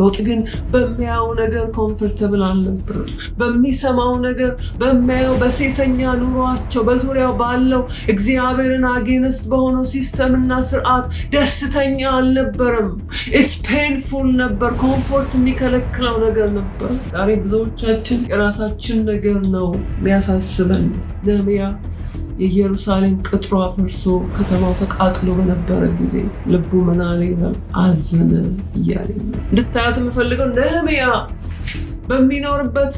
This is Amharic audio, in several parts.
ሎጥ ግን በሚያየው ነገር ኮንፈርተብል አልነበረም። በሚሰማው ነገር፣ በሚያየው በሴተኛ ኑሯቸው፣ በዙሪያው ባለው እግዚአብሔርን አጌንስት በሆነው ሲስተምና ስርዓት ደስተኛ አልነበረም። ኢትስ ፔንፉል ነበር። ኮምፎርት የሚከለክለው ነገር ነበር። ዛሬ ብዙዎቻችን የራሳችን ነገር ነው የሚያሳስበን። ነህምያ የኢየሩሳሌም ቅጥሮ አፈርሶ ከተማው ተቃጥሎ በነበረ ጊዜ ልቡ ምን አለ ይላል? አዘነ እያለ እንድታያት የምፈልገው ነህምያ በሚኖርበት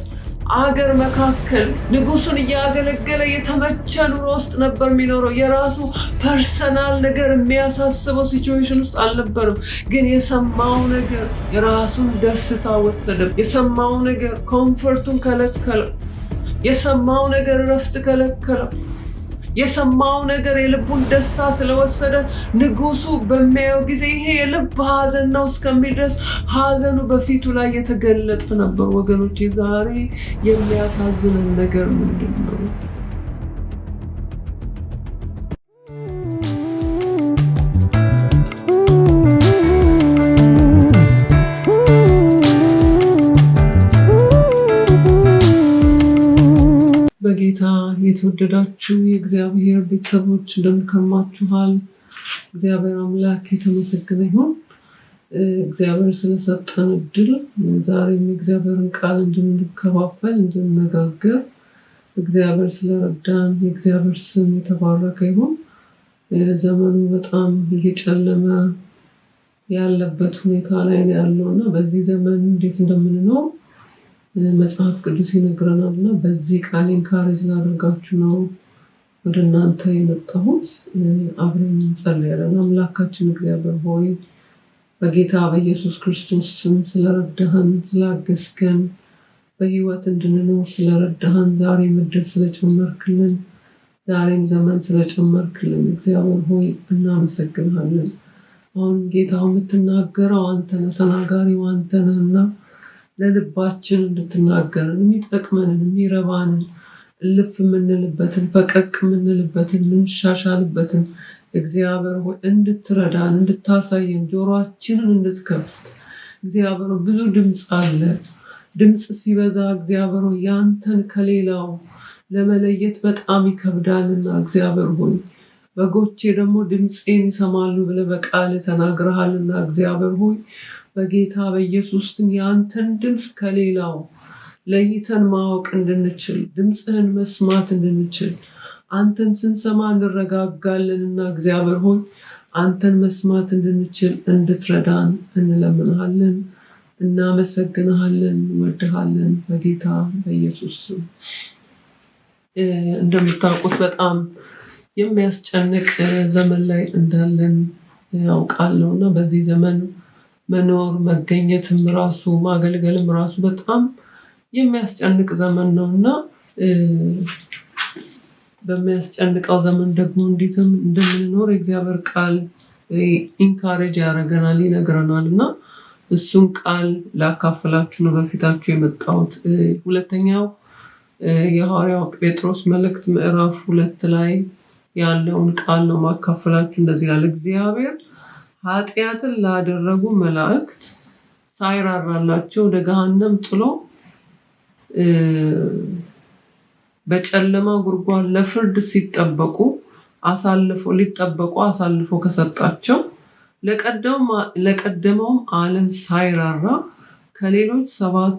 አገር መካከል ንጉሱን እያገለገለ የተመቸ ኑሮ ውስጥ ነበር የሚኖረው። የራሱ ፐርሰናል ነገር የሚያሳስበው ሲቹዌሽን ውስጥ አልነበርም። ግን የሰማው ነገር የራሱን ደስታ ወሰደም። የሰማው ነገር ኮንፈርቱን ከለከለው። የሰማው ነገር እረፍት ከለከለው። የሰማው ነገር የልቡን ደስታ ስለወሰደ ንጉሱ በሚያየው ጊዜ ይሄ የልብ ሀዘን ነው እስከሚል ድረስ ሀዘኑ በፊቱ ላይ የተገለጠ ነበር። ወገኖች ዛሬ የሚያሳዝንን ነገር ምንድን ነው? የተወደዳችሁ የእግዚአብሔር ቤተሰቦች እንደምንከማችኋል። እግዚአብሔር አምላክ የተመሰገነ ይሁን። እግዚአብሔር ስለሰጠን እድል ዛሬም የእግዚአብሔርን ቃል እንድንከፋፈል እንድንነጋገር እግዚአብሔር ስለረዳን የእግዚአብሔር ስም የተባረከ ይሁን። ዘመኑ በጣም እየጨለመ ያለበት ሁኔታ ላይ ያለው እና በዚህ ዘመን እንዴት እንደምንኖር መጽሐፍ ቅዱስ ይነግረናል እና በዚህ ቃሌን ካሬ ላደርጋችሁ ነው ወደ እናንተ የመጣሁት። አብረን እንጸልያለን። አምላካችን እግዚአብሔር ሆይ በጌታ በኢየሱስ ክርስቶስ ስም ስለረዳህን፣ ስላገዝከን፣ በህይወት እንድንኖር ስለረዳህን፣ ዛሬ ምድር ስለጨመርክልን፣ ዛሬም ዘመን ስለጨመርክልን እግዚአብሔር ሆይ እናመሰግናለን። አሁን ጌታ የምትናገረው አንተነህ፣ ተናጋሪው እና ለልባችን እንድትናገርን የሚጠቅመንን የሚረባንን እልፍ የምንልበትን ፈቀቅ የምንልበትን የምንሻሻልበትን እግዚአብሔር ሆይ እንድትረዳን እንድታሳየን ጆሮአችንን እንድትከፍት እግዚአብሔር ብዙ ድምፅ አለ። ድምፅ ሲበዛ እግዚአብሔር ያንተን ከሌላው ለመለየት በጣም ይከብዳልና እግዚአብሔር ሆይ በጎቼ ደግሞ ድምፄን ይሰማሉ ብለህ በቃል ተናግረሃልና እግዚአብሔር ሆይ በጌታ በኢየሱስ ስም የአንተን ድምፅ ከሌላው ለይተን ማወቅ እንድንችል ድምፅህን መስማት እንድንችል አንተን ስንሰማ እንረጋጋለንና እግዚአብሔር ሆይ አንተን መስማት እንድንችል እንድትረዳን እንለምንሃለን። እናመሰግንሃለን፣ እንወድሃለን በጌታ በኢየሱስ ስም። እንደምታውቁት በጣም የሚያስጨንቅ ዘመን ላይ እንዳለን ያውቃለሁ እና በዚህ ዘመን መኖር መገኘትም ራሱ ማገልገልም ራሱ በጣም የሚያስጨንቅ ዘመን ነው እና በሚያስጨንቀው ዘመን ደግሞ እንዴትም እንደምንኖር የእግዚአብሔር ቃል ኢንካሬጅ ያደረገናል ይነግረናል እና እሱን ቃል ላካፈላችሁ ነው በፊታችሁ የመጣሁት። ሁለተኛው የሐዋርያው ጴጥሮስ መልእክት ምዕራፍ ሁለት ላይ ያለውን ቃል ነው ማካፈላችሁ። እንደዚህ ያለ እግዚአብሔር ኃጢአትን ላደረጉ መላእክት ሳይራራላቸው ወደ ገሃነም ጥሎ በጨለማ ጉድጓድ ለፍርድ ሲጠበቁ አሳልፎ ሊጠበቁ አሳልፎ ከሰጣቸው ለቀደመውም ዓለም ሳይራራ ከሌሎች ሰባት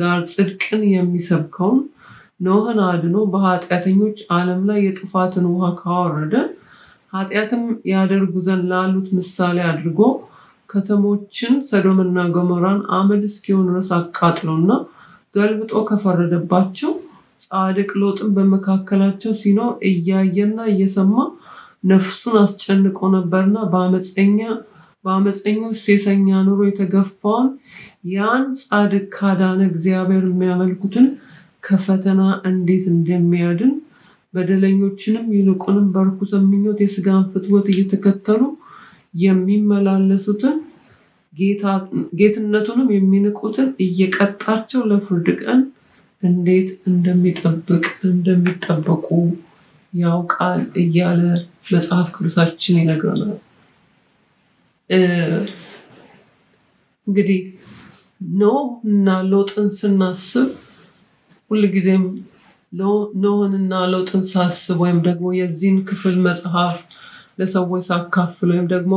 ጋር ጽድቅን የሚሰብከውን ኖህን አድኖ በኃጢአተኞች ዓለም ላይ የጥፋትን ውሃ ካወረደ ኃጢአትም ያደርጉ ዘንድ ላሉት ምሳሌ አድርጎ ከተሞችን ሰዶምና ገሞራን አመድ እስኪሆን ድረስ አቃጥሎና ገልብጦ ከፈረደባቸው ጻድቅ ሎጥን በመካከላቸው ሲኖር እያየና እየሰማ ነፍሱን አስጨንቆ ነበርና በአመፀኞች ሴሰኛ ኑሮ የተገፋውን ያን ጻድቅ ካዳነ እግዚአብሔር የሚያመልኩትን ከፈተና እንዴት እንደሚያድን በደለኞችንም ይልቁንም በርኩስ ምኞት የስጋን ፍትወት እየተከተሉ የሚመላለሱትን ጌትነቱንም የሚንቁትን እየቀጣቸው ለፍርድ ቀን እንዴት እንደሚጠብቅ እንደሚጠበቁ ያውቃል እያለ መጽሐፍ ቅዱሳችን ይነግረናል። እንግዲህ ኖህ እና ሎጥን ስናስብ ሁልጊዜም ኖህንና ለውጥን ሳስብ ወይም ደግሞ የዚህን ክፍል መጽሐፍ ለሰዎች ሳካፍል ወይም ደግሞ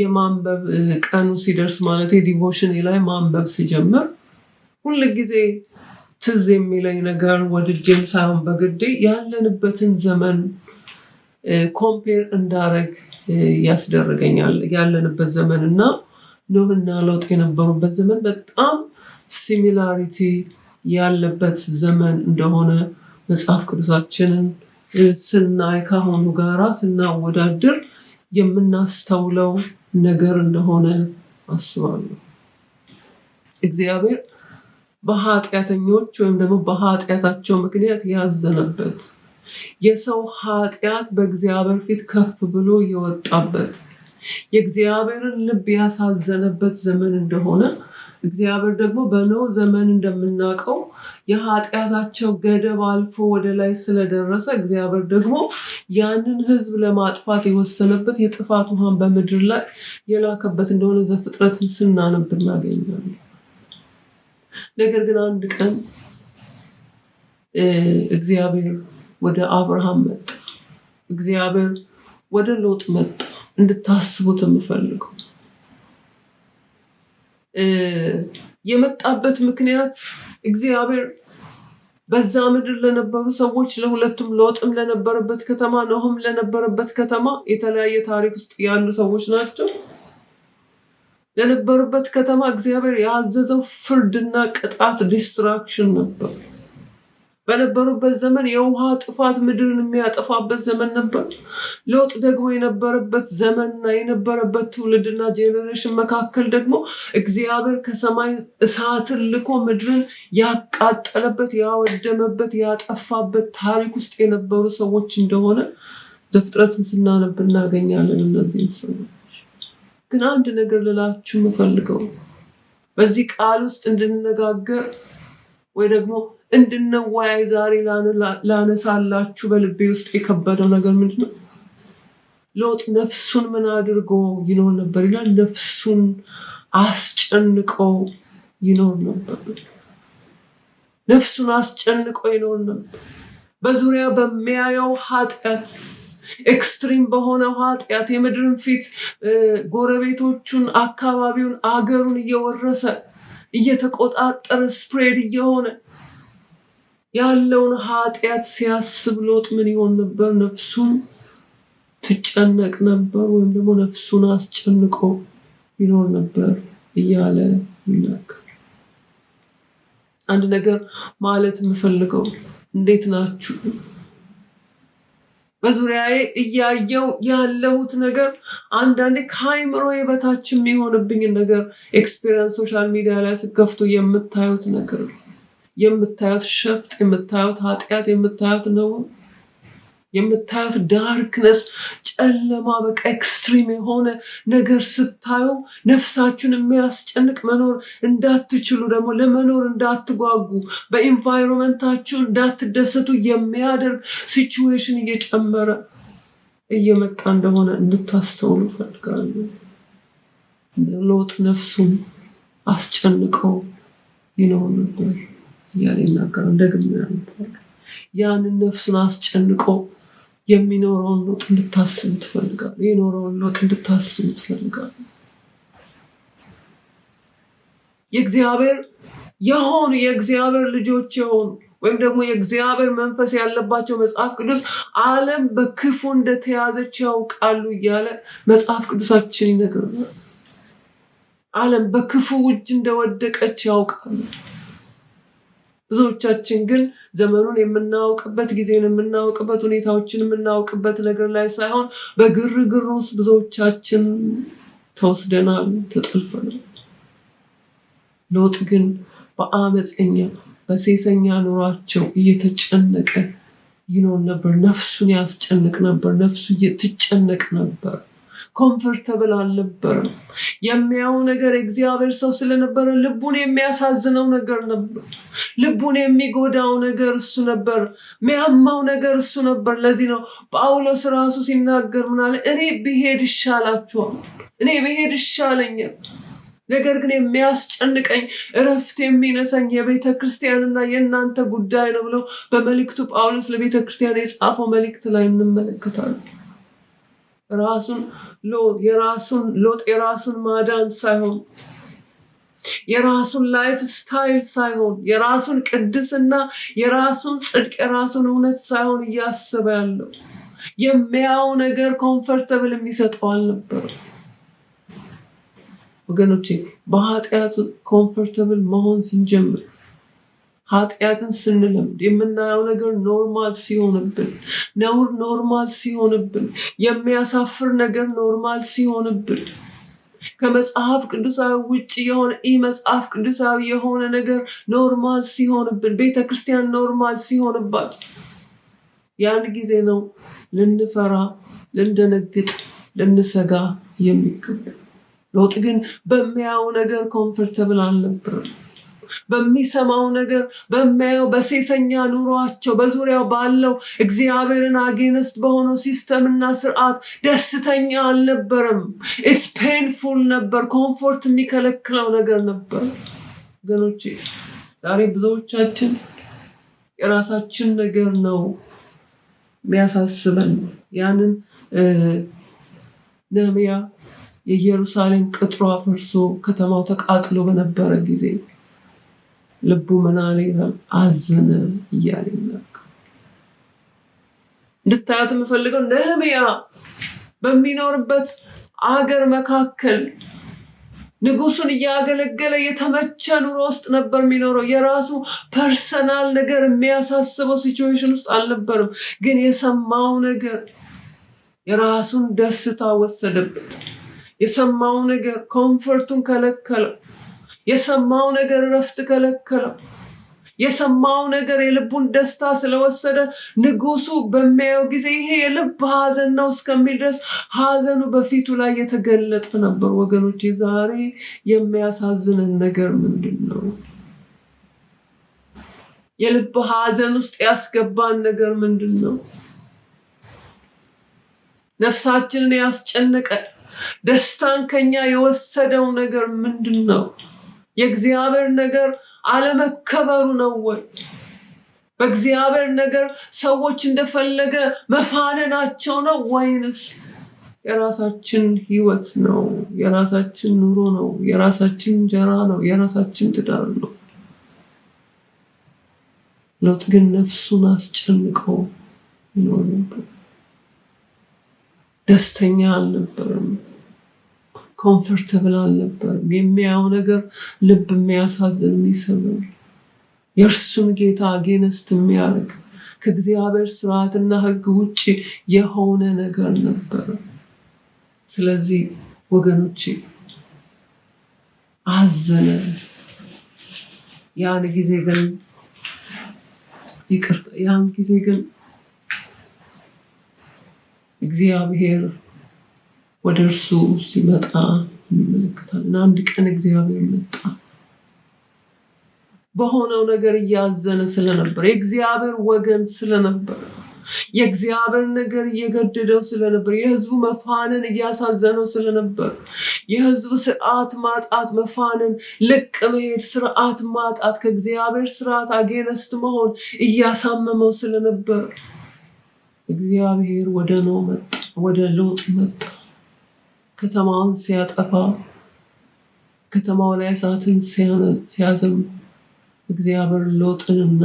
የማንበብ ቀኑ ሲደርስ ማለት ዲቮሽን ላይ ማንበብ ሲጀምር ሁል ጊዜ ትዝ የሚለኝ ነገር ወድጄም ሳይሆን በግዴ ያለንበትን ዘመን ኮምፔር እንዳረግ ያስደርገኛል። ያለንበት ዘመን እና ኖህና ለውጥ የነበሩበት ዘመን በጣም ሲሚላሪቲ ያለበት ዘመን እንደሆነ መጽሐፍ ቅዱሳችንን ስናይ ካሁኑ ጋራ ስናወዳድር የምናስተውለው ነገር እንደሆነ አስባለሁ። እግዚአብሔር በኃጢአተኞች ወይም ደግሞ በኃጢአታቸው ምክንያት ያዘነበት የሰው ኃጢአት በእግዚአብሔር ፊት ከፍ ብሎ የወጣበት የእግዚአብሔርን ልብ ያሳዘነበት ዘመን እንደሆነ እግዚአብሔር ደግሞ በኖህ ዘመን እንደምናውቀው የኃጢአታቸው ገደብ አልፎ ወደ ላይ ስለደረሰ እግዚአብሔር ደግሞ ያንን ሕዝብ ለማጥፋት የወሰነበት የጥፋት ውሃን በምድር ላይ የላከበት እንደሆነ ዘፍጥረትን ስናነብ እናገኛለን። ነገር ግን አንድ ቀን እግዚአብሔር ወደ አብርሃም መጣ። እግዚአብሔር ወደ ሎጥ መጣ። እንድታስቡት የምፈልገው የመጣበት ምክንያት እግዚአብሔር በዛ ምድር ለነበሩ ሰዎች ለሁለቱም ሎጥም ለነበረበት ከተማ ኖህም ለነበረበት ከተማ የተለያየ ታሪክ ውስጥ ያሉ ሰዎች ናቸው። ለነበሩበት ከተማ እግዚአብሔር ያዘዘው ፍርድና ቅጣት ዲስትራክሽን ነበር። በነበሩበት ዘመን የውሃ ጥፋት ምድርን የሚያጠፋበት ዘመን ነበር። ሎጥ ደግሞ የነበረበት ዘመንና የነበረበት ትውልድና ጄኔሬሽን መካከል ደግሞ እግዚአብሔር ከሰማይ እሳትን ልኮ ምድርን ያቃጠለበት፣ ያወደመበት፣ ያጠፋበት ታሪክ ውስጥ የነበሩ ሰዎች እንደሆነ ዘፍጥረትን ስናነብ እናገኛለን። እነዚህን ሰዎች ግን አንድ ነገር ልላችሁ የምፈልገው በዚህ ቃል ውስጥ እንድንነጋገር ወይ ደግሞ እንድንወያይ ዛሬ ላነሳላችሁ በልቤ ውስጥ የከበደው ነገር ምንድን ነው? ሎጥ ነፍሱን ምን አድርጎ ይኖር ነበር ይላል። ነፍሱን አስጨንቆ ይኖር ነበር። ነፍሱን አስጨንቆ ይኖር ነበር። በዙሪያ በሚያየው ኃጢአት፣ ኤክስትሪም በሆነው ኃጢአት የምድርን ፊት ጎረቤቶቹን፣ አካባቢውን፣ አገሩን እየወረሰ እየተቆጣጠረ ስፕሬድ እየሆነ ያለውን ኃጢአት ሲያስብ ሎጥ ምን ይሆን ነበር? ነፍሱን ትጨነቅ ነበር፣ ወይም ደግሞ ነፍሱን አስጨንቆ ይኖር ነበር እያለ ይናገር። አንድ ነገር ማለት የምፈልገው እንዴት ናችሁ በዙሪያዬ እያየው ያለሁት ነገር አንዳንዴ ከአይምሮ በታች የሚሆንብኝን ነገር ኤክስፔሪንስ ሶሻል ሚዲያ ላይ ስከፍቱ የምታዩት ነገር የምታዩት ሸፍጥ፣ የምታዩት ኃጢአት፣ የምታዩት ነው። የምታዩት ዳርክነስ ጨለማ በቃ ኤክስትሪም የሆነ ነገር ስታዩ ነፍሳችሁን የሚያስጨንቅ መኖር እንዳትችሉ ደግሞ ለመኖር እንዳትጓጉ በኢንቫይሮንመንታችሁ እንዳትደሰቱ የሚያደርግ ሲችዌሽን እየጨመረ እየመጣ እንደሆነ እንድታስተውሉ ፈልጋሉ። ሎጥ ነፍሱን አስጨንቀው ይኖር ነበር እያለ ይናገራል። ደግሜ ያንን ነፍሱን አስጨንቀው የሚኖረውን ሎጥ እንድታስብ ትፈልጋሉ። የኖረውን ሎጥ እንድታስብ ትፈልጋሉ። የእግዚአብሔር የሆኑ የእግዚአብሔር ልጆች የሆኑ ወይም ደግሞ የእግዚአብሔር መንፈስ ያለባቸው መጽሐፍ ቅዱስ ዓለም በክፉ እንደተያዘች ያውቃሉ እያለ መጽሐፍ ቅዱሳችን ይነግርናል ዓለም በክፉ እጅ እንደወደቀች ያውቃሉ። ብዙዎቻችን ግን ዘመኑን የምናውቅበት ጊዜን የምናውቅበት ሁኔታዎችን የምናውቅበት ነገር ላይ ሳይሆን በግርግር ውስጥ ብዙዎቻችን ተወስደናል፣ ተጠልፈናል። ሎጥ ግን በአመፀኛ በሴሰኛ ኑሯቸው እየተጨነቀ ይኖር ነበር። ነፍሱን ያስጨንቅ ነበር። ነፍሱ እየትጨነቅ ነበር። ኮምፈርተብል አልነበርም የሚያው ነገር እግዚአብሔር ሰው ስለነበረ ልቡን የሚያሳዝነው ነገር ነበር። ልቡን የሚጎዳው ነገር እሱ ነበር። ሚያማው ነገር እሱ ነበር። ለዚህ ነው ጳውሎስ ራሱ ሲናገር ምናለ እኔ ብሄድ ይሻላችኋል፣ እኔ ብሄድ ይሻለኛል ነገር ግን የሚያስጨንቀኝ እረፍት የሚነሳኝ የቤተ ክርስቲያንና የእናንተ ጉዳይ ነው ብለው በመልእክቱ ጳውሎስ ለቤተ ክርስቲያን የጻፈው መልእክት ላይ እንመለከታለን። ራሱን ሎጥ የራሱን ሎጥ የራሱን ማዳን ሳይሆን የራሱን ላይፍ ስታይል ሳይሆን የራሱን ቅድስና፣ የራሱን ጽድቅ፣ የራሱን እውነት ሳይሆን እያሰበ ያለው የሚያው ነገር ኮንፈርተብል የሚሰጠው አልነበረ። ወገኖቼ በኃጢአቱ ኮንፈርተብል መሆን ስንጀምር ኃጢአትን ስንለምድ የምናየው ነገር ኖርማል ሲሆንብን፣ ነውር ኖርማል ሲሆንብን፣ የሚያሳፍር ነገር ኖርማል ሲሆንብን ከመጽሐፍ ቅዱሳዊ ውጭ የሆነ ኢ መጽሐፍ ቅዱሳዊ የሆነ ነገር ኖርማል ሲሆንብን፣ ቤተ ክርስቲያን ኖርማል ሲሆንባት፣ ያን ጊዜ ነው ልንፈራ፣ ልንደነግጥ፣ ልንሰጋ የሚገባ። ሎጥ ግን በሚያየው ነገር ኮንፈርተብል አልነበረም። በሚሰማው ነገር በሚያየው በሴሰኛ ኑሯቸው በዙሪያው ባለው እግዚአብሔርን አጌነስት በሆነው ሲስተምና ስርዓት ደስተኛ አልነበረም። ኢትስ ፔንፉል ነበር። ኮምፎርት የሚከለክለው ነገር ነበር። ወገኖቼ ዛሬ ብዙዎቻችን የራሳችን ነገር ነው የሚያሳስበን። ያንን ነህምያ የኢየሩሳሌም ቅጥሯ ፈርሶ ከተማው ተቃጥሎ በነበረ ጊዜ ልቡ ምን አለ ይላል? አዘነ እያለ እንድታያት የምፈልገው ነህምያ በሚኖርበት አገር መካከል ንጉሱን እያገለገለ የተመቸ ኑሮ ውስጥ ነበር የሚኖረው። የራሱ ፐርሰናል ነገር የሚያሳስበው ሲቹዌሽን ውስጥ አልነበርም። ግን የሰማው ነገር የራሱን ደስታ ወሰደበት። የሰማው ነገር ኮምፈርቱን ከለከለው። የሰማው ነገር እረፍት ከለከለው። የሰማው ነገር የልቡን ደስታ ስለወሰደ ንጉሱ በሚያየው ጊዜ ይሄ የልብ ሐዘን ነው እስከሚል ድረስ ሐዘኑ በፊቱ ላይ የተገለጠ ነበር። ወገኖች ዛሬ የሚያሳዝንን ነገር ምንድን ነው? የልብ ሐዘን ውስጥ ያስገባን ነገር ምንድን ነው? ነፍሳችንን ያስጨነቀን ደስታን ከኛ የወሰደው ነገር ምንድን ነው? የእግዚአብሔር ነገር አለመከበሩ ነው ወይ? በእግዚአብሔር ነገር ሰዎች እንደፈለገ መፋነናቸው ነው ወይንስ የራሳችን ህይወት ነው? የራሳችን ኑሮ ነው? የራሳችን እንጀራ ነው? የራሳችን ትዳር ነው? ሎጥ ግን ነፍሱን አስጨንቀው ይኖር ነበር። ደስተኛ አልነበርም። ኮንፈርተብል አልነበርም። የሚያየው ነገር ልብ የሚያሳዝን የሚሰብር፣ የእርሱን ጌታ አጌነስት የሚያደርግ ከእግዚአብሔር ስርዓትና ሕግ ውጭ የሆነ ነገር ነበረ። ስለዚህ ወገኖቼ አዘነ። ያን ጊዜ ግን ይቅርታ፣ ያን ጊዜ ግን እግዚአብሔር ወደ እርሱ ሲመጣ እንመለከታለን። አንድ ቀን እግዚአብሔር መጣ። በሆነው ነገር እያዘነ ስለነበር የእግዚአብሔር ወገን ስለነበር የእግዚአብሔር ነገር እየገደደው ስለነበር የሕዝቡ መፋንን እያሳዘነው ስለነበር የሕዝቡ ስርዓት ማጣት፣ መፋንን፣ ልቅ መሄድ፣ ስርዓት ማጣት፣ ከእግዚአብሔር ስርዓት አጌነስት መሆን እያሳመመው ስለነበር እግዚአብሔር ወደ ኖ መጣ፣ ወደ ሎጥ መጣ። ከተማውን ሲያጠፋ፣ ከተማው ላይ እሳትን ሲያዝም እግዚአብሔር ሎጥንና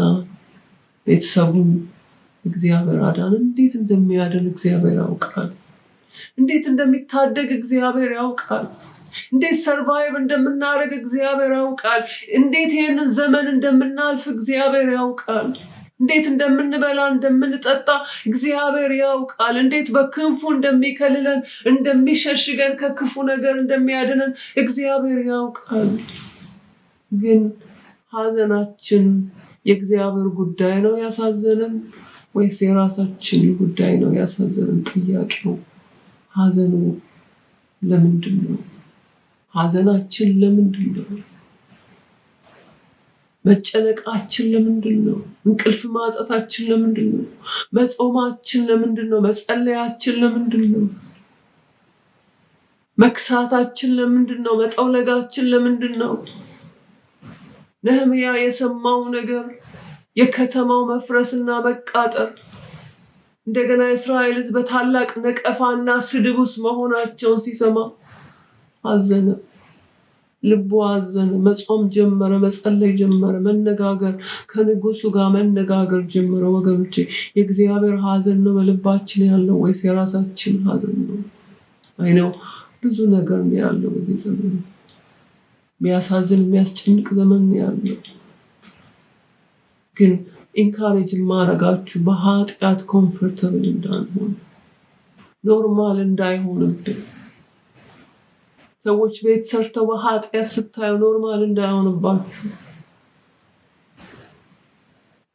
ቤተሰቡን እግዚአብሔር አዳን። እንዴት እንደሚያድን እግዚአብሔር ያውቃል። እንዴት እንደሚታደግ እግዚአብሔር ያውቃል። እንዴት ሰርቫይቭ እንደምናደርግ እግዚአብሔር ያውቃል። እንዴት ይህንን ዘመን እንደምናልፍ እግዚአብሔር ያውቃል። እንዴት እንደምንበላ እንደምንጠጣ እግዚአብሔር ያውቃል። እንዴት በክንፉ እንደሚከልለን እንደሚሸሽገን፣ ከክፉ ነገር እንደሚያድነን እግዚአብሔር ያውቃል። ግን ሐዘናችን የእግዚአብሔር ጉዳይ ነው ያሳዘንን ወይስ የራሳችን ጉዳይ ነው ያሳዘንን? ጥያቄው ሐዘኑ ለምንድን ነው? ሐዘናችን ለምንድን ነው? መጨነቃችን ለምንድን ነው? እንቅልፍ ማጣታችን ለምንድን ነው? መጾማችን ለምንድን ነው? መጸለያችን ለምንድን ነው? መክሳታችን ለምንድን ነው? መጠውለጋችን ለምንድን ነው? ነህምያ የሰማው ነገር የከተማው መፍረስና መቃጠል እንደገና እስራኤል ሕዝብ በታላቅ ነቀፋና ስድብ ውስጥ መሆናቸውን ሲሰማ አዘነም። ልቡ አዘነ። መጾም ጀመረ፣ መጸለይ ጀመረ፣ መነጋገር ከንጉሱ ጋር መነጋገር ጀመረ። ወገኖቼ የእግዚአብሔር ሐዘን ነው በልባችን ያለው ወይስ የራሳችን ሐዘን ነው? አይ ነው ብዙ ነገር ነው ያለው በዚህ ዘመን። የሚያሳዝን የሚያስጨንቅ ዘመን ነው ያለው። ግን ኢንካሬጅ ማረጋችሁ በኃጢአት ኮንፈርተብል እንዳንሆን ኖርማል እንዳይሆንብን ሰዎች ቤት ሰርተው በኃጢአት ስታዩ ኖርማል እንዳይሆንባችሁ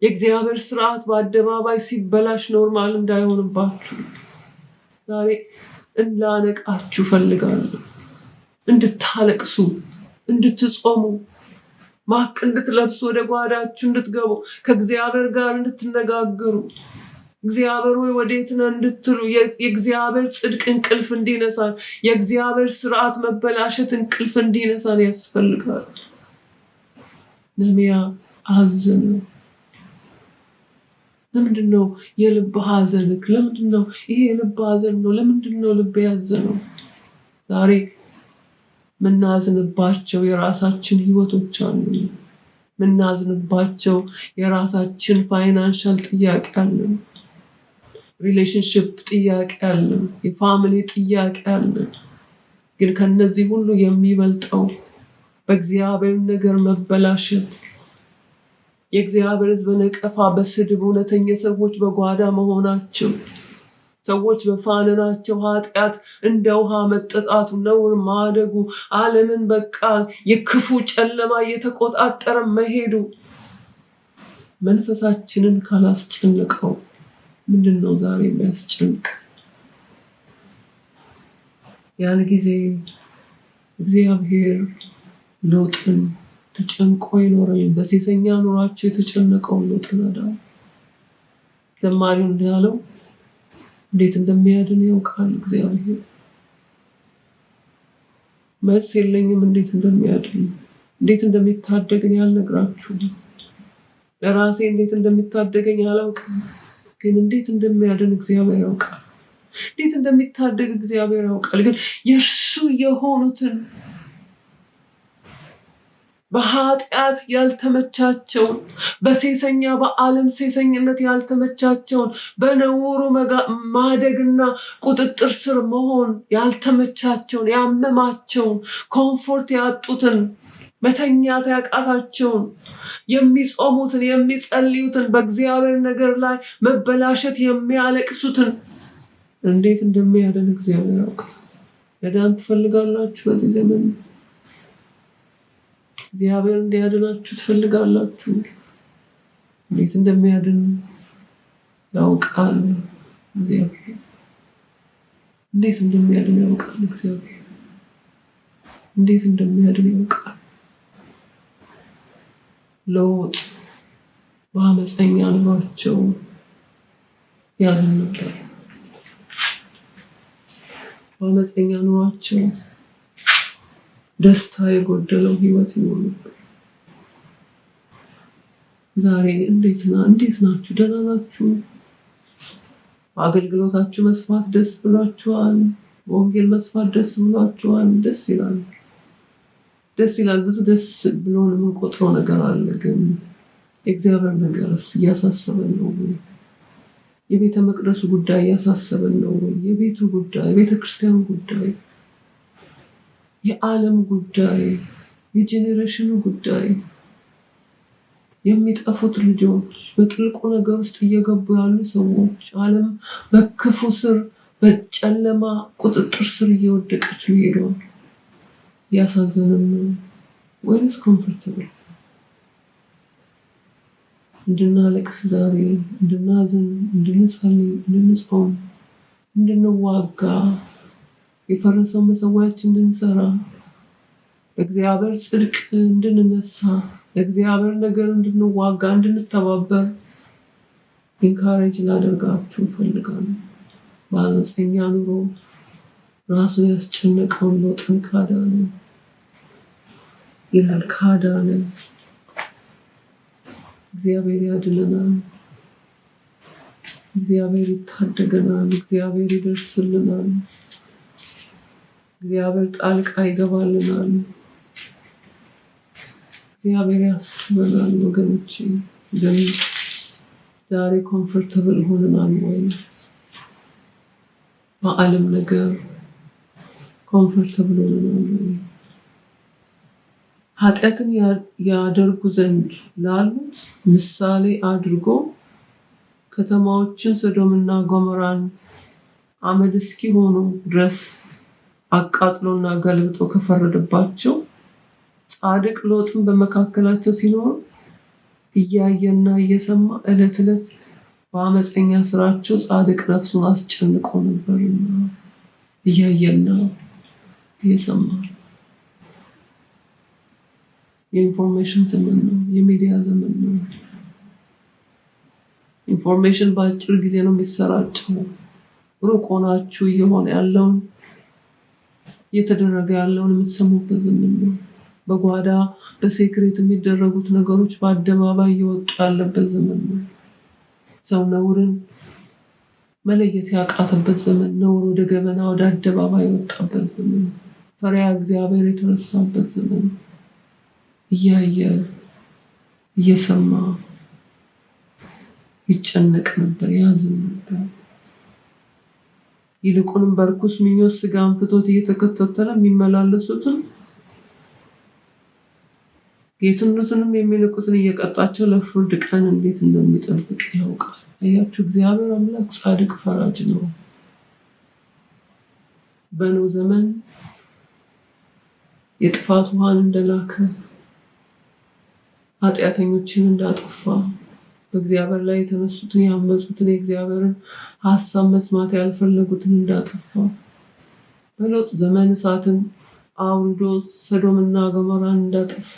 የእግዚአብሔር ስርዓት በአደባባይ ሲበላሽ ኖርማል እንዳይሆንባችሁ ዛሬ እንላነቃችሁ ፈልጋለሁ። እንድታለቅሱ፣ እንድትጾሙ፣ ማቅ እንድትለብሱ፣ ወደ ጓዳችሁ እንድትገቡ፣ ከእግዚአብሔር ጋር እንድትነጋገሩ እግዚአብሔር ወይ ወዴት ነው እንድትሉ የእግዚአብሔር ጽድቅ እንቅልፍ እንዲነሳን የእግዚአብሔር ስርዓት መበላሸት እንቅልፍ እንዲነሳን ያስፈልጋል። ነህምያ ሐዘን ለምንድን ነው የልብ ሐዘንክ? ለምንድን ነው ይሄ የልብ ሐዘን ነው? ለምንድን ነው ልብ ያዘ ነው? ዛሬ ምናዝንባቸው የራሳችን ህይወቶች አሉ። ምናዝንባቸው የራሳችን ፋይናንሻል ጥያቄ አለን። ሪሌሽንሽፕ ጥያቄ አለ፣ የፋሚሊ ጥያቄ አለ። ግን ከነዚህ ሁሉ የሚበልጠው በእግዚአብሔር ነገር መበላሸት፣ የእግዚአብሔር ሕዝብ በነቀፋ፣ በስድብ እውነተኛ ሰዎች በጓዳ መሆናቸው፣ ሰዎች በፋንናቸው ኃጢአት እንደ ውሃ መጠጣቱ፣ ነውር ማደጉ፣ ዓለምን በቃ የክፉ ጨለማ እየተቆጣጠረ መሄዱ መንፈሳችንን ካላስጨነቀው ምንድን ነው ዛሬ የሚያስጨንቅ? ያን ጊዜ እግዚአብሔር ሎጥን ተጨንቆ ይኖረኝ በሴተኛ ኑሯቸው የተጨነቀውን ሎጥን አዳነ። ዘማሪው እንዳለው እንዴት እንደሚያድን ያውቃል እግዚአብሔር። መልስ የለኝም እንዴት እንደሚያድን እንዴት እንደሚታደግን ያልነግራችሁ። ለራሴ እንዴት እንደሚታደገኝ አላውቅም። ግን እንዴት እንደሚያድን እግዚአብሔር ያውቃል። እንዴት እንደሚታደግ እግዚአብሔር ያውቃል። ግን የእርሱ የሆኑትን በኃጢአት ያልተመቻቸውን በሴሰኛ በዓለም ሴሰኝነት ያልተመቻቸውን በነውሩ ማደግና ቁጥጥር ስር መሆን ያልተመቻቸውን ያመማቸውን ኮንፎርት ያጡትን መተኛት ያቃታቸውን የሚጾሙትን የሚጸልዩትን በእግዚአብሔር ነገር ላይ መበላሸት የሚያለቅሱትን እንዴት እንደሚያደን እግዚአብሔር ያውቅ። መዳን ትፈልጋላችሁ? በዚህ ዘመን እግዚአብሔር እንዲያድናችሁ ትፈልጋላችሁ? እንዴት እንደሚያድን ያውቃል እግዚአብሔር። እንዴት እንደሚያድን ያውቃል እግዚአብሔር። እንዴት እንደሚያድን ያውቃል። ለውጥ በአመፀኛ ኑሯቸው ያዝን ነበር። በአመፀኛ ኑሯቸው ደስታ የጎደለው ህይወት ይሆኑ ዛሬ እንዴት ና እንዴት ናችሁ? ደህና ናችሁ? በአገልግሎታችሁ መስፋት ደስ ብሏችኋል? በወንጌል መስፋት ደስ ብሏችኋል? ደስ ይላል። ደስ ይላል። ብዙ ደስ ብሎን የምንቆጥረው ነገር አለ። ግን የእግዚአብሔር ነገርስ እያሳሰበን ነው ወይ? የቤተ መቅደሱ ጉዳይ እያሳሰበን ነው ወይ? የቤቱ ጉዳይ፣ የቤተ ክርስቲያኑ ጉዳይ፣ የዓለም ጉዳይ፣ የጄኔሬሽኑ ጉዳይ፣ የሚጠፉት ልጆች፣ በጥልቁ ነገር ውስጥ እየገቡ ያሉ ሰዎች፣ ዓለም በክፉ ስር በጨለማ ቁጥጥር ስር እየወደቀች ሄደዋል። ያሳዝንም ወይስ ኮምፎርታብል እንድናለቅስ ዛሬ እንድናዝን፣ እንድንጸልይ፣ እንድንጾም፣ እንድንዋጋ የፈረሰው መሰዊያችን እንድንሰራ ለእግዚአብሔር ጽድቅ እንድንነሳ ለእግዚአብሔር ነገር እንድንዋጋ እንድንተባበር ኢንካሬጅ ላደርጋችሁ እፈልጋለሁ። በአመፀኛ ኑሮ ራሱ ያስጨነቀውን ሎጥን ካዳነ ይላል። ካህዳንን እግዚአብሔር ያድለናል፣ እግዚአብሔር ይታደገናል፣ እግዚአብሔር ይደርስልናል፣ እግዚአብሔር ጣልቃ ይገባልናል፣ እግዚአብሔር ያስበናል። ወገኖቼ ግን ዛሬ ኮምፎርተብል ሆነናል ወይ? በዓለም ነገር ኮምፎርተብል ሆነናል ወይ? ኃጢአትን ያደርጉ ዘንድ ላሉት ምሳሌ አድርጎ ከተማዎችን ሰዶምና ጎሞራን አመድ እስኪሆኑ ድረስ አቃጥሎና ገልብጦ ከፈረደባቸው ጻድቅ ሎጥን በመካከላቸው ሲኖር እያየና እየሰማ ዕለት ዕለት በአመፀኛ ስራቸው ጻድቅ ነፍሱን አስጨንቆ ነበርና እያየና እየሰማ የኢንፎርሜሽን ዘመን ነው። የሚዲያ ዘመን ነው። ኢንፎርሜሽን በአጭር ጊዜ ነው የሚሰራጨው። ሩቅ ሆናችሁ እየሆነ ያለውን እየተደረገ ያለውን የምትሰሙበት ዘመን ነው። በጓዳ በሴክሬት የሚደረጉት ነገሮች በአደባባይ እየወጡ ያለበት ዘመን ነው። ሰው ነውርን መለየት ያቃተበት ዘመን፣ ነውር ወደ ገበና ወደ አደባባይ የወጣበት ዘመን፣ ፈሪያ እግዚአብሔር የተነሳበት ዘመን እያየ እየሰማ ይጨነቅ ነበር፣ ያዝን ነበር። ይልቁንም በርኩስ ምኞት ስጋ አንፍቶት እየተከታተለ የሚመላለሱትን ጌትነቱንም የሚልቁትን እየቀጣቸው ለፍርድ ቀን እንዴት እንደሚጠብቅ ያውቃል። አያችሁ፣ እግዚአብሔር አምላክ ጻድቅ ፈራጅ ነው። በኖህ ዘመን የጥፋት ውሃን እንደላከ ኃጢአተኞችን እንዳጠፋ በእግዚአብሔር ላይ የተነሱትን ያመፁትን የእግዚአብሔርን ሀሳብ መስማት ያልፈለጉትን እንዳጠፋ በሎጥ ዘመን እሳትን አውርዶ ሰዶምና ገሞራን እንዳጠፋ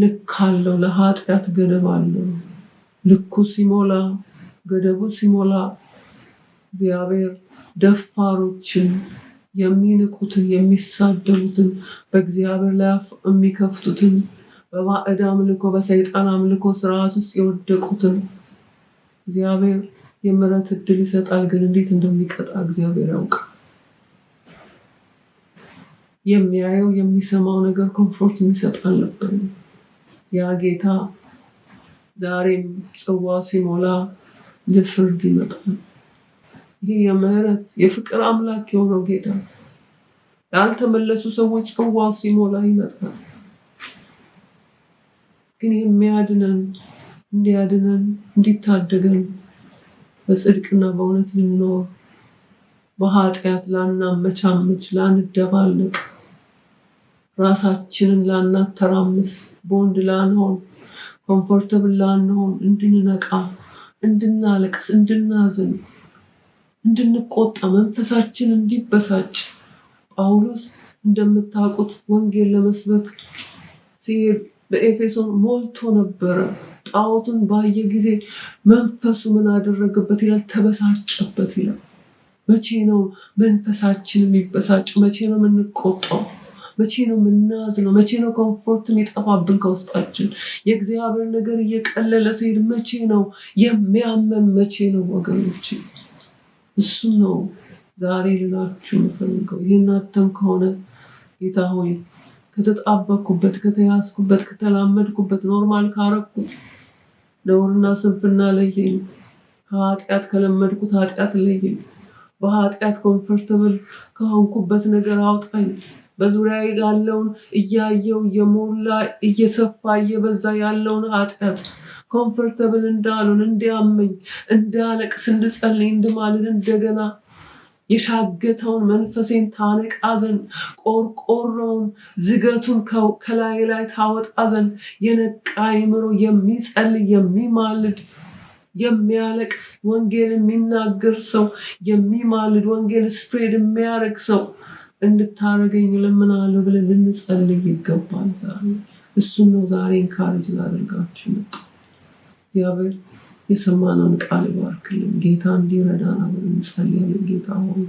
ልክ አለው። ለኃጢአት ገደብ አለው። ልኩ ሲሞላ ገደቡ ሲሞላ እግዚአብሔር ደፋሮችን የሚንቁትን የሚሳደቡትን በእግዚአብሔር ላይ አፍ የሚከፍቱትን በባዕድ አምልኮ በሰይጣን አምልኮ ስርዓት ውስጥ የወደቁትን እግዚአብሔር የምሕረት እድል ይሰጣል፣ ግን እንዴት እንደሚቀጣ እግዚአብሔር ያውቅ። የሚያየው የሚሰማው ነገር ኮንፎርት የሚሰጥ አልነበር። ያ ጌታ ዛሬም ጽዋ ሲሞላ ልፍርድ ይመጣል። ይህ የምህረት የፍቅር አምላክ የሆነው ጌታ ያልተመለሱ ሰዎች ጽዋው ሲሞላ ይመጣል። ግን የሚያድነን እንዲያድነን እንዲታደገን በጽድቅና በእውነት ልንኖር በኃጢአት ላናመቻምች፣ ላንደባልቅ፣ ራሳችንን ላናተራምስ፣ ቦንድ ላንሆን፣ ኮምፎርተብል ላንሆን፣ እንድንነቃ፣ እንድናለቅስ፣ እንድናዝን እንድንቆጣ መንፈሳችን እንዲበሳጭ ጳውሎስ እንደምታውቁት ወንጌል ለመስበክ ሲሄድ በኤፌሶን ሞልቶ ነበረ። ጣዖቱን ባየ ጊዜ መንፈሱ ምን አደረገበት ይላል? ተበሳጨበት ይላል። መቼ ነው መንፈሳችን የሚበሳጭ? መቼ ነው የምንቆጣው? መቼ ነው የምናዝነው? መቼ ነው ኮምፎርት የሚጠፋብን ከውስጣችን? የእግዚአብሔር ነገር እየቀለለ ሲሄድ መቼ ነው የሚያመን? መቼ ነው ወገኖች? እሱ ነው ዛሬ ልላችሁ የምፈልገው። ይህናተን ከሆነ ጌታ ሆይ ከተጣበኩበት ከተያዝኩበት፣ ከተላመድኩበት ኖርማል ካረኩት ነውርና ስንፍና ለየኝ። ከኃጢአት ከለመድኩት ኃጢአት ለየኝ። በኃጢአት ኮንፈርተብል ከሆንኩበት ነገር አውጣኝ። በዙሪያ ያለውን እያየው እየሞላ እየሰፋ እየበዛ ያለውን ኃጢአት ኮምፈርተብል እንዳሉን እንዲያመኝ፣ እንዳለቅስ፣ እንድጸልኝ እንድማልን እንደገና የሻገተውን መንፈሴን ታነቃዘን ዘንድ ቆርቆሮውን ዝገቱን ከላይ ላይ ታወጣዘን የነቃ አእምሮ የሚጸልይ የሚማልድ የሚያለቅስ ወንጌል የሚናገር ሰው የሚማልድ ወንጌል ስፕሬድ የሚያደርግ ሰው እንድታደርገኝ እለምናለሁ ብለን ልንጸልይ ይገባል። ዛሬ እሱን ነው ዛሬ ኢንካሬጅ ላደርጋችሁ እግዚአብሔር የሰማነውን ቃል ይባርክልን። ጌታ እንዲረዳን አብረን እንጸልያለን። ጌታ ሆይ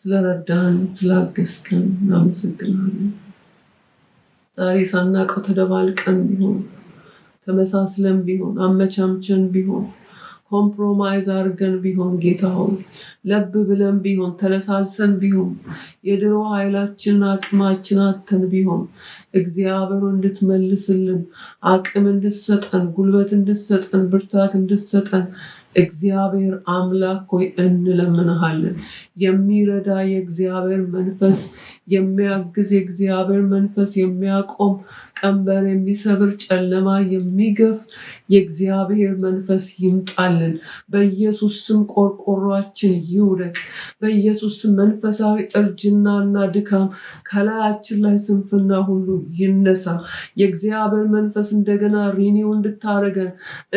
ስለረዳን ስላገዝከን እናመሰግናለን። ዛሬ ሳናቀው ተደባልቀን ቢሆን ተመሳስለን ቢሆን አመቻምቸን ቢሆን ኮምፕሮማይዝ አድርገን ቢሆን ጌታ ሆይ ለብ ብለን ቢሆን ተለሳልሰን ቢሆን የድሮ ኃይላችን አቅማችን አተን ቢሆን እግዚአብሔር እንድትመልስልን አቅም እንድትሰጠን ጉልበት እንድትሰጠን ብርታት እንድትሰጠን እግዚአብሔር አምላክ ሆይ እንለምንሃለን። የሚረዳ የእግዚአብሔር መንፈስ፣ የሚያግዝ የእግዚአብሔር መንፈስ፣ የሚያቆም ቀንበር የሚሰብር ጨለማ የሚገፍ የእግዚአብሔር መንፈስ ይምጣልን። በኢየሱስ ስም ቆርቆሯችን ይውደቅ። በኢየሱስ ስም መንፈሳዊ እና ድካም ከላያችን ላይ ስንፍና ሁሉ ይነሳ። የእግዚአብሔር መንፈስ እንደገና ሪኒው እንድታረገን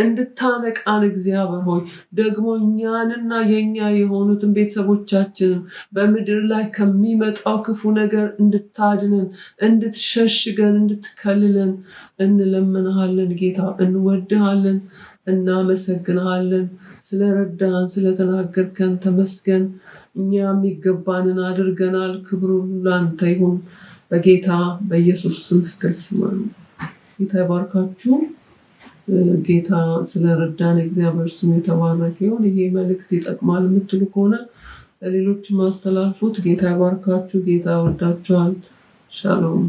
እንድታነቃን እግዚአብሔር ሆይ ደግሞ እኛንና የኛ የሆኑትን ቤተሰቦቻችንም በምድር ላይ ከሚመጣው ክፉ ነገር እንድታድነን እንድትሸሽገን እንድትከ እንጸልለን፣ እንለምንሃለን። ጌታ እንወድሃለን፣ እናመሰግንሃለን። ስለረዳን ስለተናገርከን ተመስገን። እኛ የሚገባንን አድርገናል። ክብሩ ላንተ ይሁን። በጌታ በኢየሱስ ስም ስትል ጌታ ይባርካችሁ። ጌታ ስለረዳን እግዚአብሔር ስም የተባረከ ይሁን። ይሄ መልእክት ይጠቅማል የምትሉ ከሆነ ለሌሎች ማስተላልፉት። ጌታ ይባርካችሁ። ጌታ ወዳችኋል። ሻሎም